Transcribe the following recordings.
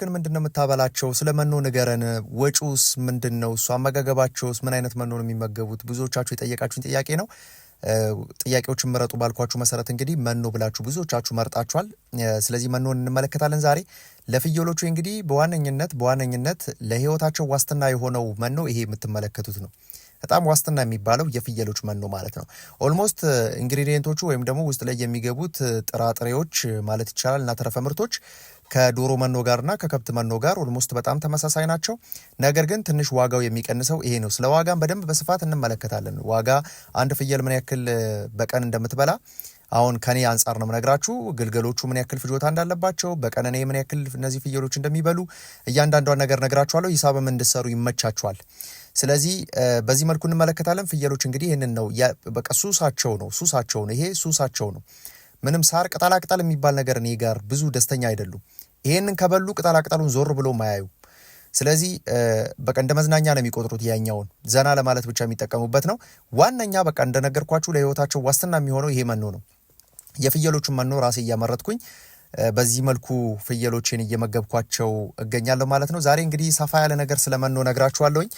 ግን ምንድን ነው የምታበላቸው? ስለ መኖ ንገረን። ወጪውስ ምንድን ነው? እሱ አመጋገባቸውስ ምን አይነት መኖ ነው የሚመገቡት? ብዙዎቻችሁ የጠየቃችሁን ጥያቄ ነው። ጥያቄዎችን ምረጡ ባልኳችሁ መሰረት እንግዲህ መኖ ብላችሁ ብዙዎቻችሁ መርጣችኋል። ስለዚህ መኖን እንመለከታለን ዛሬ። ለፍየሎቹ እንግዲህ በዋነኝነት በዋነኝነት ለህይወታቸው ዋስትና የሆነው መኖ ይሄ የምትመለከቱት ነው። በጣም ዋስትና የሚባለው የፍየሎች መኖ ማለት ነው። ኦልሞስት ኢንግሪዲየንቶቹ ወይም ደግሞ ውስጥ ላይ የሚገቡት ጥራጥሬዎች ማለት ይቻላል እና ተረፈ ምርቶች ከዶሮ መኖ ጋርና ከከብት መኖ ጋር ኦልሞስት በጣም ተመሳሳይ ናቸው። ነገር ግን ትንሽ ዋጋው የሚቀንሰው ይሄ ነው። ስለ ዋጋም በደንብ በስፋት እንመለከታለን። ዋጋ አንድ ፍየል ምን ያክል በቀን እንደምትበላ አሁን ከኔ አንጻር ነው ምነግራችሁ። ግልገሎቹ ምን ያክል ፍጆታ እንዳለባቸው በቀን እኔ ምን ያክል እነዚህ ፍየሎች እንደሚበሉ እያንዳንዷን ነገር ነግራችኋለሁ። ሂሳብም እንድሰሩ ይመቻችኋል። ስለዚህ በዚህ መልኩ እንመለከታለን። ፍየሎች እንግዲህ ይህንን ነው በቃ ሱሳቸው ነው ሱሳቸው ነው ይሄ ሱሳቸው ነው። ምንም ሳር ቅጠላቅጠል የሚባል ነገር እኔ ጋር ብዙ ደስተኛ አይደሉም። ይሄንን ከበሉ ቅጠላቅጠሉን ዞር ብሎ ማያዩ ስለዚህ በቃ እንደ መዝናኛ ነው የሚቆጥሩት። ያኛውን ዘና ለማለት ብቻ የሚጠቀሙበት ነው። ዋነኛ በቃ እንደነገርኳችሁ ለህይወታቸው ዋስትና የሚሆነው ይሄ መኖ ነው። የፍየሎቹን መኖ ራሴ እያመረትኩኝ በዚህ መልኩ ፍየሎችን እየመገብኳቸው እገኛለሁ ማለት ነው። ዛሬ እንግዲህ ሰፋ ያለ ነገር ስለመኖ ነግራችኋለሁኝ።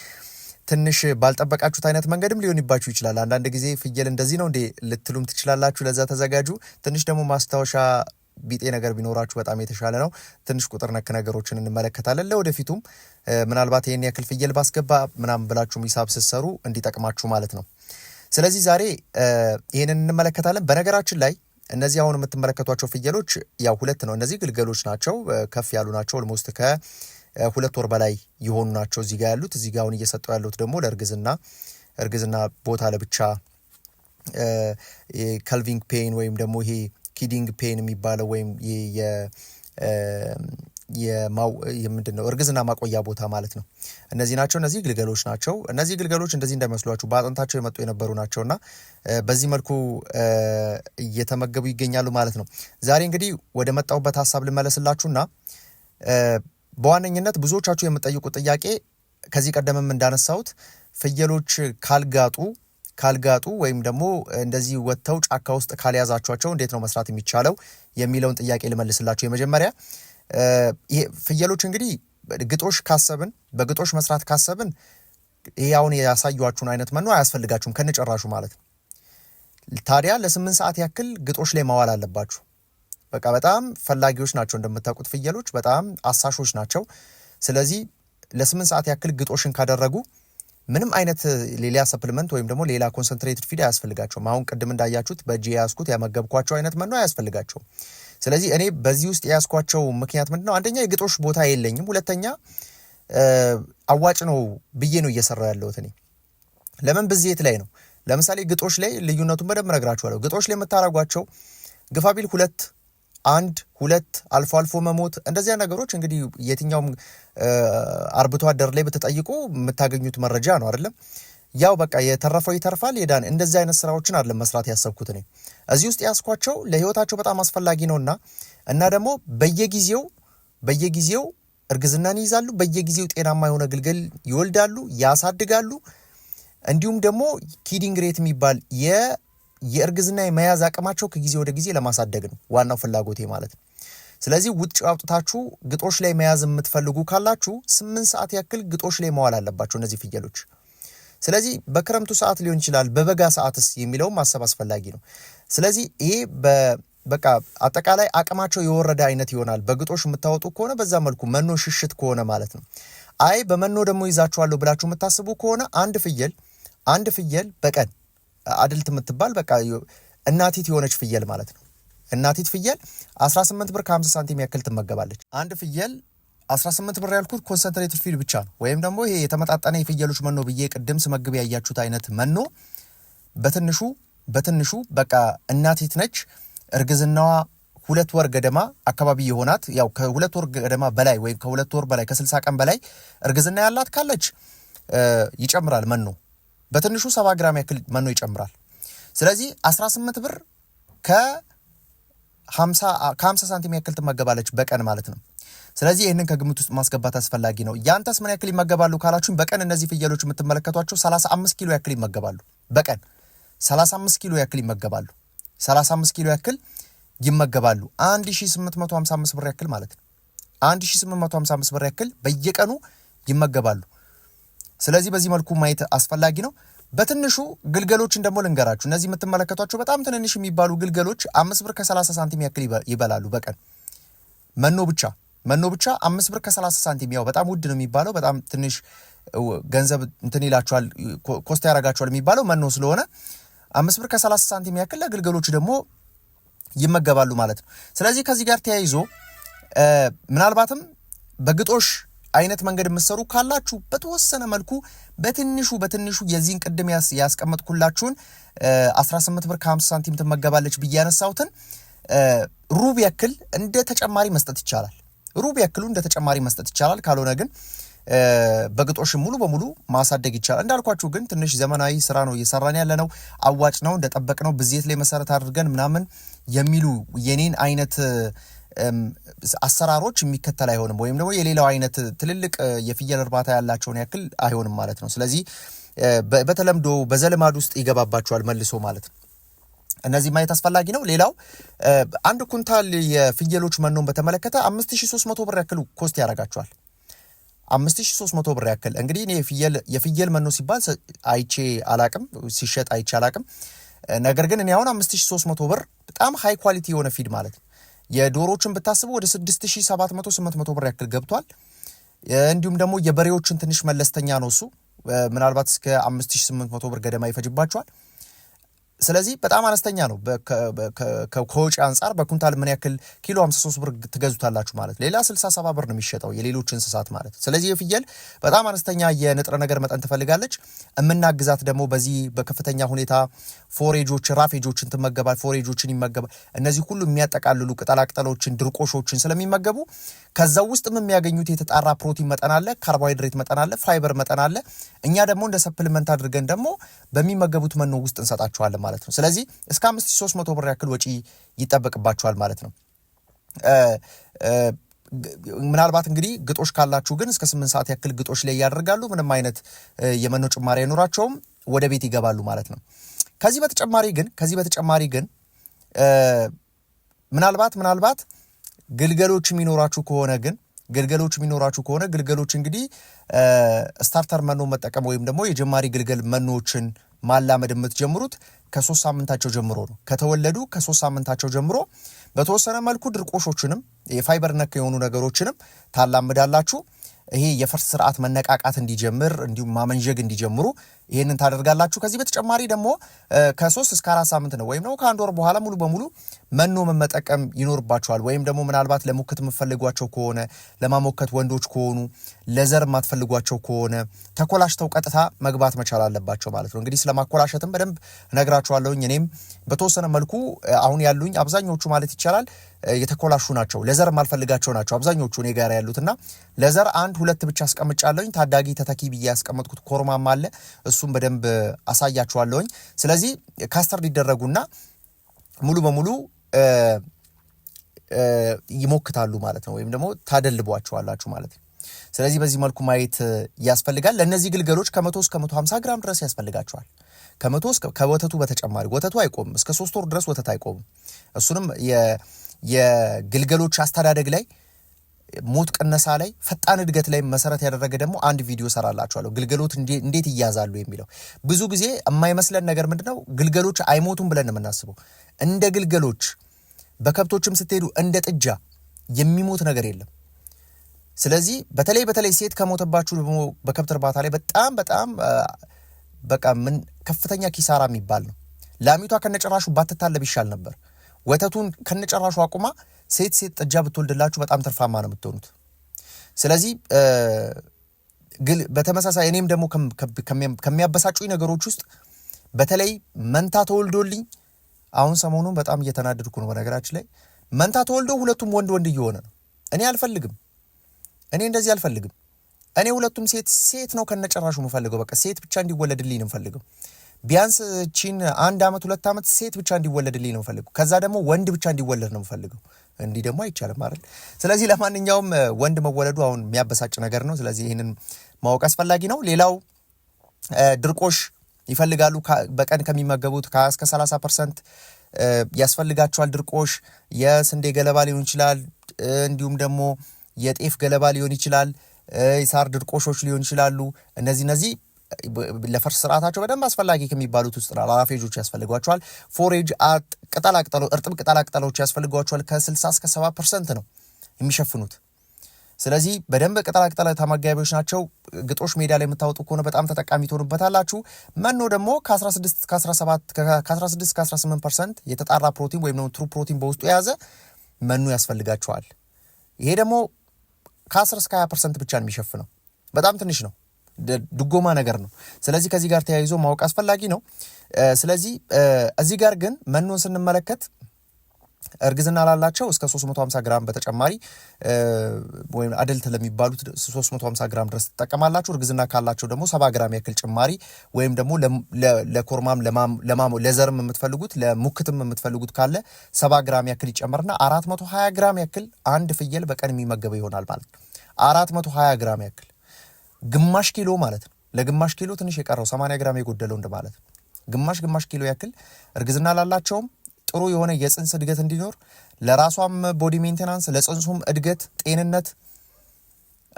ትንሽ ባልጠበቃችሁት አይነት መንገድም ሊሆንባችሁ ይችላል። አንዳንድ ጊዜ ፍየል እንደዚህ ነው እንዴ ልትሉም ትችላላችሁ። ለዛ ተዘጋጁ። ትንሽ ደግሞ ማስታወሻ ቢጤ ነገር ቢኖራችሁ በጣም የተሻለ ነው። ትንሽ ቁጥር ነክ ነገሮችን እንመለከታለን። ለወደፊቱም ምናልባት ይህን ያክል ፍየል ባስገባ ምናምን ብላችሁም ሂሳብ ስትሰሩ እንዲጠቅማችሁ ማለት ነው። ስለዚህ ዛሬ ይህንን እንመለከታለን። በነገራችን ላይ እነዚህ አሁን የምትመለከቷቸው ፍየሎች ያው ሁለት ነው። እነዚህ ግልገሎች ናቸው፣ ከፍ ያሉ ናቸው። ኦልሞስት ከ ሁለት ወር በላይ የሆኑ ናቸው እዚህ ጋር ያሉት። እዚህ ጋር አሁን እየሰጠው ያሉት ደግሞ ለእርግዝና እርግዝና ቦታ ለብቻ ከልቪንግ ፔን ወይም ደግሞ ይሄ ኪዲንግ ፔን የሚባለው ወይም ምንድን ነው እርግዝና ማቆያ ቦታ ማለት ነው። እነዚህ ናቸው። እነዚህ ግልገሎች ናቸው። እነዚህ ግልገሎች እንደዚህ እንደመስሏችሁ በአጥንታቸው የመጡ የነበሩ ናቸው እና በዚህ መልኩ እየተመገቡ ይገኛሉ ማለት ነው። ዛሬ እንግዲህ ወደ መጣሁበት ሀሳብ ልመለስላችሁና በዋነኝነት ብዙዎቻችሁ የምጠይቁ ጥያቄ ከዚህ ቀደምም እንዳነሳሁት ፍየሎች ካልጋጡ ካልጋጡ ወይም ደግሞ እንደዚህ ወጥተው ጫካ ውስጥ ካልያዛቸዋቸው እንዴት ነው መስራት የሚቻለው የሚለውን ጥያቄ ልመልስላቸው። የመጀመሪያ ፍየሎች እንግዲህ ግጦሽ ካሰብን በግጦሽ መስራት ካሰብን ይህ አሁን ያሳዩችሁን አይነት መኖ አያስፈልጋችሁም ከነጨራሹ ማለት ነው። ታዲያ ለስምንት ሰዓት ያክል ግጦሽ ላይ ማዋል አለባችሁ። በቃ በጣም ፈላጊዎች ናቸው። እንደምታውቁት ፍየሎች በጣም አሳሾች ናቸው። ስለዚህ ለስምንት ሰዓት ያክል ግጦሽን ካደረጉ ምንም አይነት ሌላ ሰፕልመንት ወይም ደግሞ ሌላ ኮንሰንትሬትድ ፊድ አያስፈልጋቸውም። አሁን ቅድም እንዳያችሁት በእጅ የያዝኩት ያመገብኳቸው አይነት መኖ አያስፈልጋቸውም። ስለዚህ እኔ በዚህ ውስጥ የያዝኳቸው ምክንያት ምንድን ነው? አንደኛ የግጦሽ ቦታ የለኝም፣ ሁለተኛ አዋጭ ነው ብዬ ነው እየሰራው ያለሁት እኔ። ለምን ብዜት ላይ ነው። ለምሳሌ ግጦሽ ላይ ልዩነቱን በደንብ እነግራችኋለሁ። ግጦሽ ላይ የምታረጓቸው ግፋቢል ሁለት አንድ ሁለት አልፎ አልፎ መሞት እንደዚያ ነገሮች እንግዲህ የትኛውም አርብቶ አደር ላይ ብትጠይቁ የምታገኙት መረጃ ነው አይደለም። ያው በቃ የተረፈው ይተርፋል የዳን እንደዚህ አይነት ስራዎችን አይደለም መስራት ያሰብኩት እኔ እዚህ ውስጥ ያስኳቸው ለህይወታቸው በጣም አስፈላጊ ነውና እና ደግሞ በየጊዜው በየጊዜው እርግዝናን ይይዛሉ። በየጊዜው ጤናማ የሆነ ግልገል ይወልዳሉ፣ ያሳድጋሉ። እንዲሁም ደግሞ ኪዲንግ ሬት የሚባል የእርግዝና የመያዝ አቅማቸው ከጊዜ ወደ ጊዜ ለማሳደግ ነው ዋናው ፍላጎቴ ማለት ነው። ስለዚህ ውጭ አውጥታችሁ ግጦሽ ላይ መያዝ የምትፈልጉ ካላችሁ ስምንት ሰዓት ያክል ግጦሽ ላይ መዋል አለባቸው እነዚህ ፍየሎች። ስለዚህ በክረምቱ ሰዓት ሊሆን ይችላል፣ በበጋ ሰዓትስ የሚለውም ማሰብ አስፈላጊ ነው። ስለዚህ ይሄ በቃ አጠቃላይ አቅማቸው የወረደ አይነት ይሆናል። በግጦሽ የምታወጡ ከሆነ በዛ መልኩ መኖ ሽሽት ከሆነ ማለት ነው። አይ በመኖ ደግሞ ይዛችኋለሁ ብላችሁ የምታስቡ ከሆነ አንድ ፍየል አንድ ፍየል በቀን አድልት የምትባል በቃ እናቲት የሆነች ፍየል ማለት ነው። እናቲት ፍየል 18 ብር ከ50 ሳንቲም ያክል ትመገባለች። አንድ ፍየል 18 ብር ያልኩት ኮንሰንትሬት ፊድ ብቻ ነው። ወይም ደግሞ ይሄ የተመጣጠነ የፍየሎች መኖ ብዬ ቅድም ስመግብ ያያችሁት አይነት መኖ በትንሹ በትንሹ በቃ እናቲት ነች። እርግዝናዋ ሁለት ወር ገደማ አካባቢ የሆናት ያው ከሁለት ወር ገደማ በላይ ወይም ከሁለት ወር በላይ ከ60 ቀን በላይ እርግዝና ያላት ካለች ይጨምራል መኖ በትንሹ 70 ግራም ያክል መኖ ይጨምራል። ስለዚህ 18 ብር ከ50 ሳንቲም ያክል ትመገባለች በቀን ማለት ነው። ስለዚህ ይህንን ከግምት ውስጥ ማስገባት አስፈላጊ ነው። ያንተስ ምን ያክል ይመገባሉ ካላችሁም፣ በቀን እነዚህ ፍየሎች የምትመለከቷቸው 35 ኪሎ ያክል ይመገባሉ። በቀን 35 ኪሎ ያክል ይመገባሉ። 35 ኪሎ ያክል ይመገባሉ። 1855 ብር ያክል ማለት ነው። 1855 ብር ያክል በየቀኑ ይመገባሉ። ስለዚህ በዚህ መልኩ ማየት አስፈላጊ ነው። በትንሹ ግልገሎችን ደግሞ ልንገራችሁ። እነዚህ የምትመለከቷቸው በጣም ትንንሽ የሚባሉ ግልገሎች አምስት ብር ከሰላሳ ሳንቲም ያክል ይበላሉ በቀን መኖ ብቻ መኖ ብቻ አምስት ብር ከሰላሳ ሳንቲም። ያው በጣም ውድ ነው የሚባለው በጣም ትንሽ ገንዘብ እንትን ይላችኋል ኮስት ያደርጋችኋል የሚባለው መኖ ስለሆነ አምስት ብር ከሰላሳ ሳንቲም ያክል ለግልገሎች ደግሞ ይመገባሉ ማለት ነው። ስለዚህ ከዚህ ጋር ተያይዞ ምናልባትም በግጦሽ አይነት መንገድ የምትሰሩ ካላችሁ በተወሰነ መልኩ በትንሹ በትንሹ የዚህን ቅድም ያስቀመጥኩላችሁን 18 ብር ከ50 ሳንቲም ትመገባለች ብዬ ያነሳሁትን ሩብ ያክል እንደ ተጨማሪ መስጠት ይቻላል። ሩብ ያክሉ እንደ ተጨማሪ መስጠት ይቻላል። ካልሆነ ግን በግጦሽ ሙሉ በሙሉ ማሳደግ ይቻላል። እንዳልኳችሁ ግን ትንሽ ዘመናዊ ስራ ነው እየሰራን ያለ ነው። አዋጭ ነው እንደጠበቅ ነው ብዜት ላይ መሰረት አድርገን ምናምን የሚሉ የኔን አይነት አሰራሮች የሚከተል አይሆንም ወይም ደግሞ የሌላው አይነት ትልልቅ የፍየል እርባታ ያላቸውን ያክል አይሆንም ማለት ነው። ስለዚህ በተለምዶ በዘልማድ ውስጥ ይገባባቸዋል መልሶ ማለት ነው። እነዚህ ማየት አስፈላጊ ነው። ሌላው አንድ ኩንታል የፍየሎች መኖን በተመለከተ 5300 ብር ያክል ኮስት ያደርጋቸዋል። 5300 ብር ያክል እንግዲህ እኔ የፍየል መኖ ሲባል አይቼ አላቅም፣ ሲሸጥ አይቼ አላቅም። ነገር ግን እኔ አሁን 5300 ብር በጣም ሃይ ኳሊቲ የሆነ ፊድ ማለት ነው የዶሮዎችን ብታስቡ ወደ 6700 ብር ያክል ገብቷል። እንዲሁም ደግሞ የበሬዎችን ትንሽ መለስተኛ ነው እሱ ምናልባት እስከ 5800 ብር ገደማ ይፈጅባቸዋል። ስለዚህ በጣም አነስተኛ ነው ከወጪ አንጻር በኩንታል ምን ያክል ኪሎ 53 ብር ትገዙታላችሁ ማለት ሌላ 67 ብር ነው የሚሸጠው የሌሎች እንስሳት ማለት ስለዚህ የፍየል በጣም አነስተኛ የንጥረ ነገር መጠን ትፈልጋለች የምናግዛት ደግሞ በዚህ በከፍተኛ ሁኔታ ፎሬጆች ራፌጆችን ትመገባል ፎሬጆችን ይመገባል እነዚህ ሁሉ የሚያጠቃልሉ ቅጠላቅጠሎችን ድርቆሾችን ስለሚመገቡ ከዛ ውስጥም የሚያገኙት የተጣራ ፕሮቲን መጠን አለ ካርቦሃይድሬት መጠን አለ ፋይበር መጠን አለ እኛ ደግሞ እንደ ሰፕልመንት አድርገን ደግሞ በሚመገቡት መኖ ውስጥ እንሰጣቸዋለን ማለት ነው። ስለዚህ እስከ መቶ ብር ያክል ወጪ ይጠበቅባችኋል ማለት ነው። ምናልባት እንግዲህ ግጦሽ ካላችሁ ግን እስከ ስምንት ሰዓት ያክል ግጦሽ ላይ ያደርጋሉ። ምንም አይነት የመኖ ጭማሪ አይኖራቸውም። ወደ ቤት ይገባሉ ማለት ነው። ከዚህ በተጨማሪ ግን ከዚህ በተጨማሪ ግን ምናልባት ምናልባት ግልገሎች የሚኖራችሁ ከሆነ ግን ግልገሎች የሚኖራችሁ ከሆነ ግልገሎች እንግዲህ ስታርተር መኖ መጠቀም ወይም ደግሞ የጀማሪ ግልገል መኖዎችን ማላመድ የምትጀምሩት ከሶስት ሳምንታቸው ጀምሮ ነው። ከተወለዱ ከሶስት ሳምንታቸው ጀምሮ በተወሰነ መልኩ ድርቆሾችንም የፋይበር ነክ የሆኑ ነገሮችንም ታላምዳላችሁ። ይሄ የፈርስ ስርዓት መነቃቃት እንዲጀምር እንዲሁም ማመንዠግ እንዲጀምሩ ይህንን ታደርጋላችሁ። ከዚህ በተጨማሪ ደግሞ ከሶስት እስከ አራት ሳምንት ነው ወይም ደግሞ ከአንድ ወር በኋላ ሙሉ በሙሉ መኖ መጠቀም ይኖርባቸዋል። ወይም ደግሞ ምናልባት ለሞከት የምፈልጓቸው ከሆነ ለማሞከት ወንዶች ከሆኑ ለዘር የማትፈልጓቸው ከሆነ ተኮላሽተው ቀጥታ መግባት መቻል አለባቸው ማለት ነው። እንግዲህ ስለማኮላሸትም በደንብ እነግራችኋለሁኝ። እኔም በተወሰነ መልኩ አሁን ያሉኝ አብዛኞቹ ማለት ይቻላል የተኮላሹ ናቸው። ለዘር የማልፈልጋቸው ናቸው አብዛኞቹ እኔ ጋር ያሉትና ለዘር አንድ ሁለት ብቻ አስቀምጫለሁኝ። ታዳጊ ተተኪ ብዬ ያስቀመጥኩት ኮርማም አለ። እሱም በደንብ አሳያችኋለሁኝ። ስለዚህ ካስተር ሊደረጉና ሙሉ በሙሉ ይሞክታሉ ማለት ነው፣ ወይም ደግሞ ታደልቧቸዋላችሁ ማለት ነው። ስለዚህ በዚህ መልኩ ማየት ያስፈልጋል። ለእነዚህ ግልገሎች ከመቶ እስከ መቶ ሀምሳ ግራም ድረስ ያስፈልጋቸዋል። ከመቶ እስከ ከወተቱ በተጨማሪ ወተቱ አይቆምም፣ እስከ ሶስት ወር ድረስ ወተት አይቆምም። እሱንም የግልገሎች አስተዳደግ ላይ ሞት ቅነሳ ላይ ፈጣን እድገት ላይ መሰረት ያደረገ ደግሞ አንድ ቪዲዮ ሰራላችኋለሁ። ግልገሎት እንዴት ይያዛሉ የሚለው ብዙ ጊዜ የማይመስለን ነገር ምንድነው፣ ግልገሎች አይሞቱም ብለን የምናስበው እንደ ግልገሎች በከብቶችም ስትሄዱ እንደ ጥጃ የሚሞት ነገር የለም። ስለዚህ በተለይ በተለይ ሴት ከሞተባችሁ ደግሞ በከብት እርባታ ላይ በጣም በጣም በቃ ምን ከፍተኛ ኪሳራ የሚባል ነው። ላሚቷ ከነጭራሹ ባትታለብ ይሻል ነበር። ወተቱን ከነጨራሹ አቁማ ሴት ሴት ጥጃ ብትወልድላችሁ በጣም ትርፋማ ነው የምትሆኑት። ስለዚህ ግል በተመሳሳይ እኔም ደግሞ ከሚያበሳጩኝ ነገሮች ውስጥ በተለይ መንታ ተወልዶልኝ አሁን ሰሞኑን በጣም እየተናደድኩ ነው። በነገራችን ላይ መንታ ተወልዶ ሁለቱም ወንድ ወንድ እየሆነ ነው። እኔ አልፈልግም፣ እኔ እንደዚህ አልፈልግም። እኔ ሁለቱም ሴት ሴት ነው ከነጨራሹ የምፈልገው። በቃ ሴት ብቻ እንዲወለድልኝ ነው የምፈልገው። ቢያንስ እቺን አንድ አመት ሁለት አመት ሴት ብቻ እንዲወለድልኝ ነው ፈልገው። ከዛ ደግሞ ወንድ ብቻ እንዲወለድ ነው ፈልገው። እንዲህ ደግሞ አይቻልም አይደል? ስለዚህ ለማንኛውም ወንድ መወለዱ አሁን የሚያበሳጭ ነገር ነው። ስለዚህ ይህንን ማወቅ አስፈላጊ ነው። ሌላው ድርቆሽ ይፈልጋሉ። በቀን ከሚመገቡት ከ20 እስከ 30 ፐርሰንት ያስፈልጋቸዋል ድርቆሽ። የስንዴ ገለባ ሊሆን ይችላል፣ እንዲሁም ደግሞ የጤፍ ገለባ ሊሆን ይችላል፣ የሳር ድርቆሾች ሊሆን ይችላሉ። እነዚህ እነዚህ ለፈርስ ስርዓታቸው በደንብ አስፈላጊ ከሚባሉት ውስጥ ላራፌጆች ያስፈልጓቸዋል። ፎሬጅ ቅጠላቅጠሎ እርጥብ ቅጠላቅጠሎች ያስፈልጓቸዋል። ከ60 እስከ 70 ፐርሰንት ነው የሚሸፍኑት። ስለዚህ በደንብ ቅጠላቅጠል ተመጋቢዎች ናቸው። ግጦሽ ሜዳ ላይ የምታወጡ ከሆነ በጣም ተጠቃሚ ትሆኑበታላችሁ። መኖ ደግሞ ከ16 18 ፐርሰንት የተጣራ ፕሮቲን ወይም ደግሞ ትሩ ፕሮቲን በውስጡ የያዘ መኖ ያስፈልጋቸዋል። ይሄ ደግሞ ከ10 እስከ 20 ፐርሰንት ብቻ ነው የሚሸፍነው። በጣም ትንሽ ነው። ድጎማ ነገር ነው። ስለዚህ ከዚህ ጋር ተያይዞ ማወቅ አስፈላጊ ነው። ስለዚህ እዚህ ጋር ግን መኖን ስንመለከት እርግዝና ላላቸው እስከ 350 ግራም በተጨማሪ ወይም አደልት ለሚባሉት 350 ግራም ድረስ ትጠቀማላችሁ። እርግዝና ካላቸው ደግሞ 70 ግራም ያክል ጭማሪ ወይም ደግሞ ለኮርማም ለዘርም የምትፈልጉት ለሙክትም የምትፈልጉት ካለ 70 ግራም ያክል ይጨመርና 420 ግራም ያክል አንድ ፍየል በቀን የሚመገበው ይሆናል ማለት ነው። 420 ግራም ያክል ግማሽ ኪሎ ማለት ነው። ለግማሽ ኪሎ ትንሽ የቀረው 80 ግራም የጎደለው እንደማለት ነው። ግማሽ ግማሽ ኪሎ ያክል እርግዝና ላላቸውም ጥሩ የሆነ የጽንስ እድገት እንዲኖር ለራሷም ቦዲ ሜንቴናንስ ለጽንሱም እድገት ጤንነት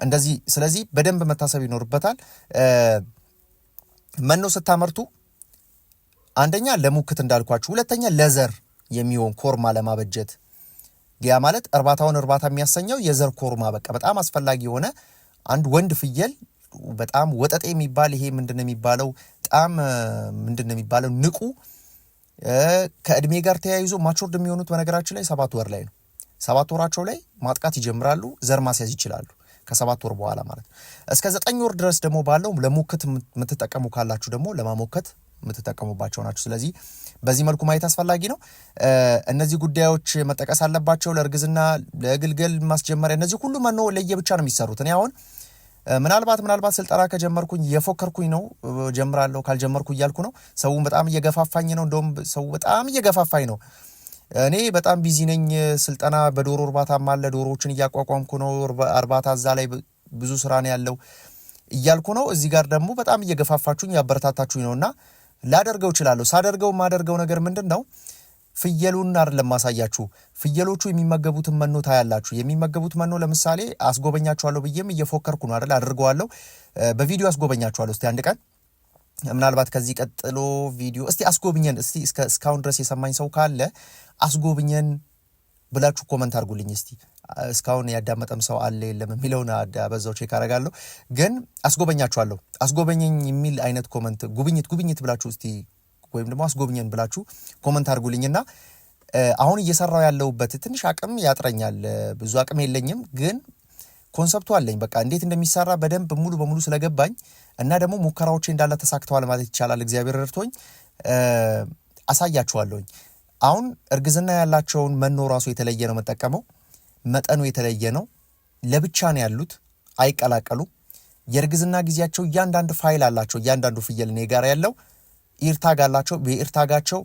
እንደዚህ ስለዚህ በደንብ መታሰብ ይኖርበታል። መኖ ስታመርቱ አንደኛ ለሙክት እንዳልኳችሁ፣ ሁለተኛ ለዘር የሚሆን ኮርማ ለማበጀት ያ ማለት እርባታውን እርባታ የሚያሰኘው የዘር ኮርማ በቃ በጣም አስፈላጊ የሆነ አንድ ወንድ ፍየል በጣም ወጠጤ የሚባል ይሄ ምንድን ነው የሚባለው በጣም ምንድን ነው የሚባለው ንቁ ከእድሜ ጋር ተያይዞ ማቾርድ የሚሆኑት በነገራችን ላይ ሰባት ወር ላይ ነው። ሰባት ወራቸው ላይ ማጥቃት ይጀምራሉ፣ ዘር ማስያዝ ይችላሉ። ከሰባት ወር በኋላ ማለት ነው። እስከ ዘጠኝ ወር ድረስ ደግሞ ባለው ለሞከት የምትጠቀሙ ካላችሁ ደግሞ ለማሞከት የምትጠቀሙባቸው ናቸው። ስለዚህ በዚህ መልኩ ማየት አስፈላጊ ነው። እነዚህ ጉዳዮች መጠቀስ አለባቸው። ለእርግዝና፣ ለግልገል ማስጀመሪያ እነዚህ ሁሉ መኖ ለየብቻ ነው የሚሰሩት። እኔ አሁን ምናልባት ምናልባት ስልጠና ከጀመርኩኝ የፎከርኩኝ ነው ጀምራለሁ፣ ካልጀመርኩ እያልኩ ነው። ሰውን በጣም እየገፋፋኝ ነው። እንደውም ሰው በጣም እየገፋፋኝ ነው። እኔ በጣም ቢዚ ነኝ። ስልጠና በዶሮ እርባታም አለ፣ ዶሮዎችን እያቋቋምኩ ነው። እርባታ እዛ ላይ ብዙ ስራ ነው ያለው እያልኩ ነው። እዚህ ጋር ደግሞ በጣም እየገፋፋችሁኝ ያበረታታችሁኝ ነው እና ላደርገው እችላለሁ። ሳደርገው የማደርገው ነገር ምንድን ነው? ፍየሉን አይደለም ማሳያችሁ። ፍየሎቹ የሚመገቡትን መኖ ታያላችሁ። የሚመገቡት መኖ ለምሳሌ አስጎበኛችኋለሁ ብዬም እየፎከርኩ ነው አይደል? አድርገዋለሁ። በቪዲዮ አስጎበኛችኋለሁ። እስቲ አንድ ቀን ምናልባት ከዚህ ቀጥሎ ቪዲዮ እስቲ አስጎብኘን፣ እስቲ እስካሁን ድረስ የሰማኝ ሰው ካለ አስጎብኘን ብላችሁ ኮመንት አድርጉልኝ። እስቲ እስካሁን ያዳመጠም ሰው አለ የለም የሚለውን በዛው ቼክ አደርጋለሁ። ግን አስጎበኛችኋለሁ፣ አስጎበኘኝ የሚል አይነት ኮመንት ጉብኝት ጉብኝት ብላችሁ እስቲ ወይም ደግሞ አስጎብኘን ብላችሁ ኮመንት አድርጉልኝና አሁን እየሰራው ያለውበት ትንሽ አቅም ያጥረኛል። ብዙ አቅም የለኝም፣ ግን ኮንሰፕቱ አለኝ። በቃ እንዴት እንደሚሰራ በደንብ ሙሉ በሙሉ ስለገባኝ እና ደግሞ ሙከራዎች እንዳለ ተሳክተዋል ማለት ይቻላል። እግዚአብሔር ረድቶኝ አሳያችኋለሁኝ። አሁን እርግዝና ያላቸውን መኖ ራሱ የተለየ ነው የምጠቀመው። መጠኑ የተለየ ነው። ለብቻ ነው ያሉት፣ አይቀላቀሉ የእርግዝና ጊዜያቸው እያንዳንድ ፋይል አላቸው። እያንዳንዱ ፍየል እኔ ጋር ያለው ኢርታግ አላቸው። በኢርታጋቸው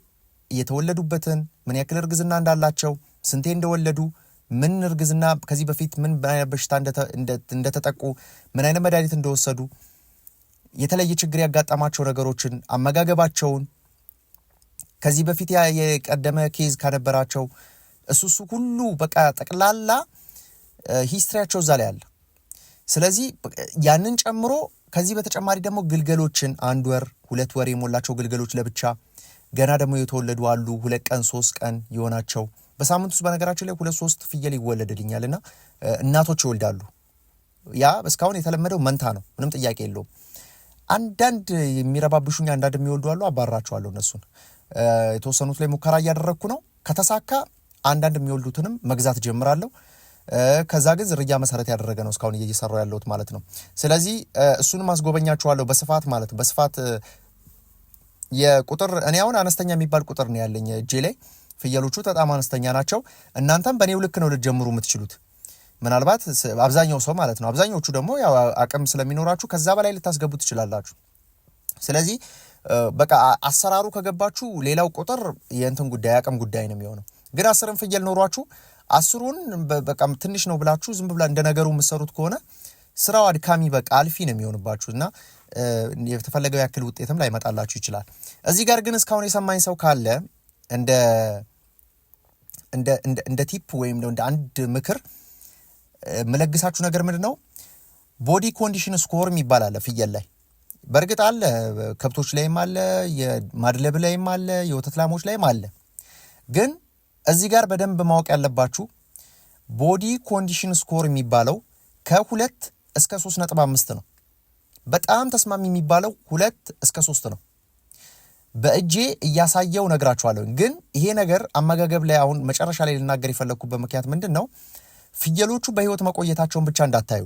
የተወለዱበትን ምን ያክል እርግዝና እንዳላቸው፣ ስንቴ እንደወለዱ፣ ምን እርግዝና ከዚህ በፊት ምን አይነት በሽታ እንደተጠቁ፣ ምን አይነት መድኃኒት እንደወሰዱ፣ የተለየ ችግር ያጋጠማቸው ነገሮችን፣ አመጋገባቸውን ከዚህ በፊት የቀደመ ኬዝ ከነበራቸው እሱ እሱ ሁሉ በቃ ጠቅላላ ሂስትሪያቸው እዛ ላይ አለ። ስለዚህ ያንን ጨምሮ ከዚህ በተጨማሪ ደግሞ ግልገሎችን አንድ ወር ሁለት ወር የሞላቸው ግልገሎች ለብቻ ገና ደግሞ የተወለዱ አሉ። ሁለት ቀን ሶስት ቀን የሆናቸው በሳምንት ውስጥ በነገራችን ላይ ሁለት ሶስት ፍየል ይወለድልኛል እና እናቶች ይወልዳሉ። ያ እስካሁን የተለመደው መንታ ነው፣ ምንም ጥያቄ የለውም። አንዳንድ የሚረባብሹኝ አንዳንድ የሚወልዱ አሉ፣ አባራቸዋለሁ። እነሱን የተወሰኑት ላይ ሙከራ እያደረግኩ ነው። ከተሳካ አንዳንድ የሚወልዱትንም መግዛት ጀምራለሁ። ከዛ ግን ዝርያ መሰረት ያደረገ ነው እስካሁን እየሰራው ያለሁት ማለት ነው። ስለዚህ እሱን ማስጎበኛችኋለሁ በስፋት ማለት በስፋት የቁጥር እኔ አሁን አነስተኛ የሚባል ቁጥር ነው ያለኝ እጄ ላይ ፍየሎቹ በጣም አነስተኛ ናቸው። እናንተም በእኔው ልክ ነው ልትጀምሩ የምትችሉት ምናልባት አብዛኛው ሰው ማለት ነው። አብዛኞቹ ደግሞ ያው አቅም ስለሚኖራችሁ ከዛ በላይ ልታስገቡ ትችላላችሁ። ስለዚህ በቃ አሰራሩ ከገባችሁ ሌላው ቁጥር የእንትን ጉዳይ አቅም ጉዳይ ነው የሚሆነው። ግን አስርም ፍየል ኖሯችሁ አስሩን በቃ ትንሽ ነው ብላችሁ ዝም ብላ እንደ ነገሩ የምትሰሩት ከሆነ ስራው አድካሚ በቃ አልፊ ነው የሚሆንባችሁ እና የተፈለገው ያክል ውጤትም መጣላችሁ ይችላል። እዚህ ጋር ግን እስካሁን የሰማኝ ሰው ካለ እንደ እንደ ቲፕ ወይም እንደ አንድ ምክር የምለግሳችሁ ነገር ምንድን ነው ቦዲ ኮንዲሽን ስኮር የሚባል አለ ፍየል ላይ በእርግጥ አለ ከብቶች ላይም አለ የማድለብ ላይም አለ የወተት ላሞች ላይም አለ ግን እዚህ ጋር በደንብ ማወቅ ያለባችሁ ቦዲ ኮንዲሽን ስኮር የሚባለው ከሁለት እስከ አምስት ነው። በጣም ተስማሚ የሚባለው ሁለት እስከ ሶስት ነው። በእጄ እያሳየው ነግራችኋለሁ። ግን ይሄ ነገር አመጋገብ ላይ አሁን መጨረሻ ላይ ልናገር የፈለግኩበት ምክንያት ምንድን ነው? ፍየሎቹ በህይወት መቆየታቸውን ብቻ እንዳታዩ፣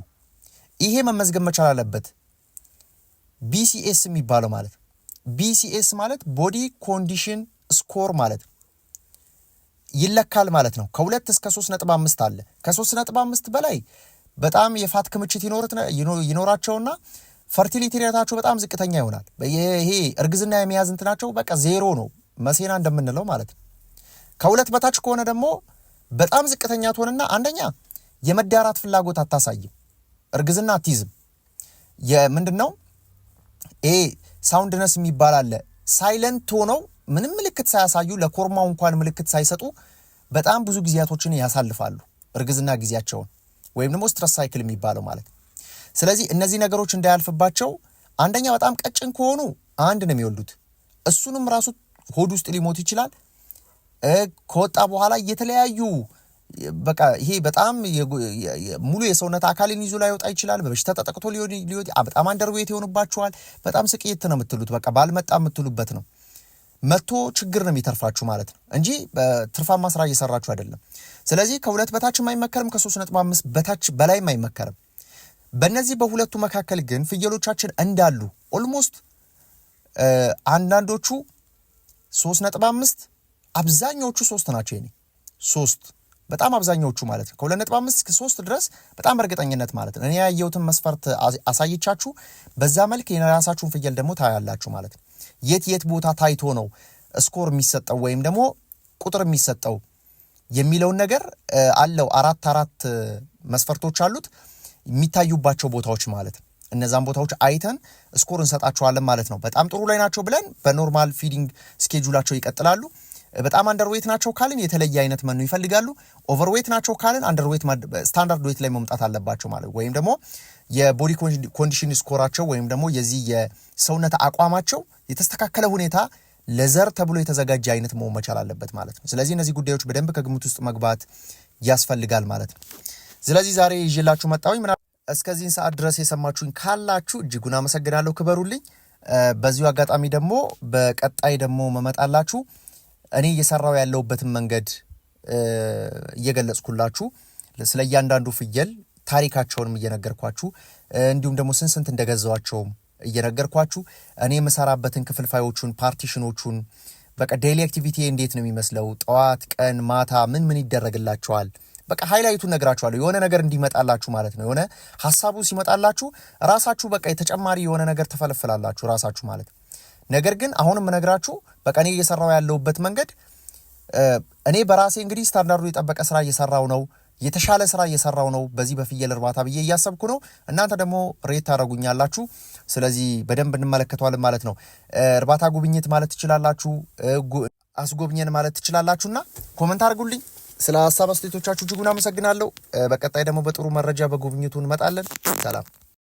ይሄ መመዝገብ መቻል አለበት። ቢሲኤስ የሚባለው ማለት ቢሲኤስ ማለት ቦዲ ኮንዲሽን ስኮር ማለት ይለካል ማለት ነው። ከሁለት እስከ ሶስት ነጥብ አምስት አለ። ከሶስት ነጥብ አምስት በላይ በጣም የፋት ክምችት ይኖራቸውና ፈርቲሊቲ ሬታቸው በጣም ዝቅተኛ ይሆናል። ይሄ እርግዝና የመያዝ እንትናቸው በቃ ዜሮ ነው፣ መሴና እንደምንለው ማለት ነው። ከሁለት በታች ከሆነ ደግሞ በጣም ዝቅተኛ ትሆንና አንደኛ የመዳራት ፍላጎት አታሳይም፣ እርግዝና አትይዝም። የምንድን ነው ይሄ ሳውንድነስ የሚባል አለ። ሳይለንት ሆነው ምንም ምልክት ሳያሳዩ ለኮርማው እንኳን ምልክት ሳይሰጡ በጣም ብዙ ጊዜያቶችን ያሳልፋሉ፣ እርግዝና ጊዜያቸውን ወይም ደግሞ ስትረስ ሳይክል የሚባለው ማለት። ስለዚህ እነዚህ ነገሮች እንዳያልፍባቸው አንደኛ በጣም ቀጭን ከሆኑ አንድ ነው የሚወልዱት፣ እሱንም ራሱ ሆድ ውስጥ ሊሞት ይችላል። ከወጣ በኋላ የተለያዩ በቃ ይሄ በጣም ሙሉ የሰውነት አካልን ይዞ ላይወጣ ይችላል። በበሽታ ተጠቅቶ ሊወ በጣም አንደርዌት ይሆንባችኋል። በጣም ስቅይት ነው የምትሉት፣ በቃ ባልመጣ የምትሉበት ነው። መቶ ችግር ነው የሚተርፋችሁ ማለት ነው እንጂ ትርፋማ ስራ እየሰራችሁ አይደለም። ስለዚህ ከሁለት በታችም አይመከርም፣ ከሶስት ነጥብ አምስት በታች በላይም አይመከርም። በእነዚህ በሁለቱ መካከል ግን ፍየሎቻችን እንዳሉ ኦልሞስት አንዳንዶቹ ሶስት ነጥብ አምስት አብዛኛዎቹ ሶስት ናቸው። የኔ ሶስት በጣም አብዛኛዎቹ ማለት ነው ከሁለት ነጥብ አምስት እስከ ሶስት ድረስ በጣም እርግጠኝነት ማለት ነው። እኔ ያየሁትን መስፈርት አሳይቻችሁ በዛ መልክ የራሳችሁን ፍየል ደግሞ ታያላችሁ ማለት ነው። የት የት ቦታ ታይቶ ነው ስኮር የሚሰጠው ወይም ደግሞ ቁጥር የሚሰጠው የሚለውን ነገር አለው። አራት አራት መስፈርቶች አሉት የሚታዩባቸው ቦታዎች ማለት ነው። እነዛን ቦታዎች አይተን ስኮር እንሰጣቸዋለን ማለት ነው። በጣም ጥሩ ላይ ናቸው ብለን በኖርማል ፊዲንግ ስኬጁላቸው ይቀጥላሉ። በጣም አንደርዌት ናቸው ካልን የተለየ አይነት መኖ ይፈልጋሉ። ኦቨርዌት ናቸው ካልን አንደርዌት ስታንዳርድ ዌት ላይ መምጣት አለባቸው ማለት ወይም ደግሞ የቦዲ ኮንዲሽን ስኮራቸው ወይም ደግሞ የዚህ የሰውነት አቋማቸው የተስተካከለ ሁኔታ ለዘር ተብሎ የተዘጋጀ አይነት መሆን መቻል አለበት ማለት ነው። ስለዚህ እነዚህ ጉዳዮች በደንብ ከግምት ውስጥ መግባት ያስፈልጋል ማለት ነው። ስለዚህ ዛሬ ይዤላችሁ መጣሁኝ። ምና እስከዚህን ሰዓት ድረስ የሰማችሁኝ ካላችሁ እጅጉን አመሰግናለሁ፣ ክበሩልኝ። በዚሁ አጋጣሚ ደግሞ በቀጣይ ደግሞ መመጣላችሁ እኔ እየሰራው ያለሁበትን መንገድ እየገለጽኩላችሁ ስለ እያንዳንዱ ፍየል ታሪካቸውንም እየነገርኳችሁ እንዲሁም ደግሞ ስንት ስንት እንደገዛዋቸውም እየነገርኳችሁ እኔ የምሰራበትን ክፍልፋዮቹን ፓርቲሽኖቹን በቃ ዴይሊ አክቲቪቲ እንዴት ነው የሚመስለው፣ ጠዋት፣ ቀን፣ ማታ ምን ምን ይደረግላቸዋል። በቃ ሃይላይቱን ነግራችኋለሁ። የሆነ ነገር እንዲመጣላችሁ ማለት ነው። የሆነ ሀሳቡ ሲመጣላችሁ ራሳችሁ በቃ የተጨማሪ የሆነ ነገር ተፈለፍላላችሁ ራሳችሁ ማለት ነው። ነገር ግን አሁንም ምነግራችሁ በቀኔ እየሰራው ያለውበት መንገድ እኔ በራሴ እንግዲህ ስታንዳርዱ የጠበቀ ስራ እየሰራው ነው የተሻለ ስራ እየሰራው ነው በዚህ በፍየል እርባታ ብዬ እያሰብኩ ነው። እናንተ ደግሞ ሬት ታደረጉኛላችሁ። ስለዚህ በደንብ እንመለከተዋለን ማለት ነው። እርባታ ጉብኝት ማለት ትችላላችሁ፣ አስጎብኘን ማለት ትችላላችሁና ኮመንት አድርጉልኝ። ስለ ሀሳብ አስተያየቶቻችሁ እጅጉን አመሰግናለሁ። በቀጣይ ደግሞ በጥሩ መረጃ በጉብኝቱ እንመጣለን። ሰላም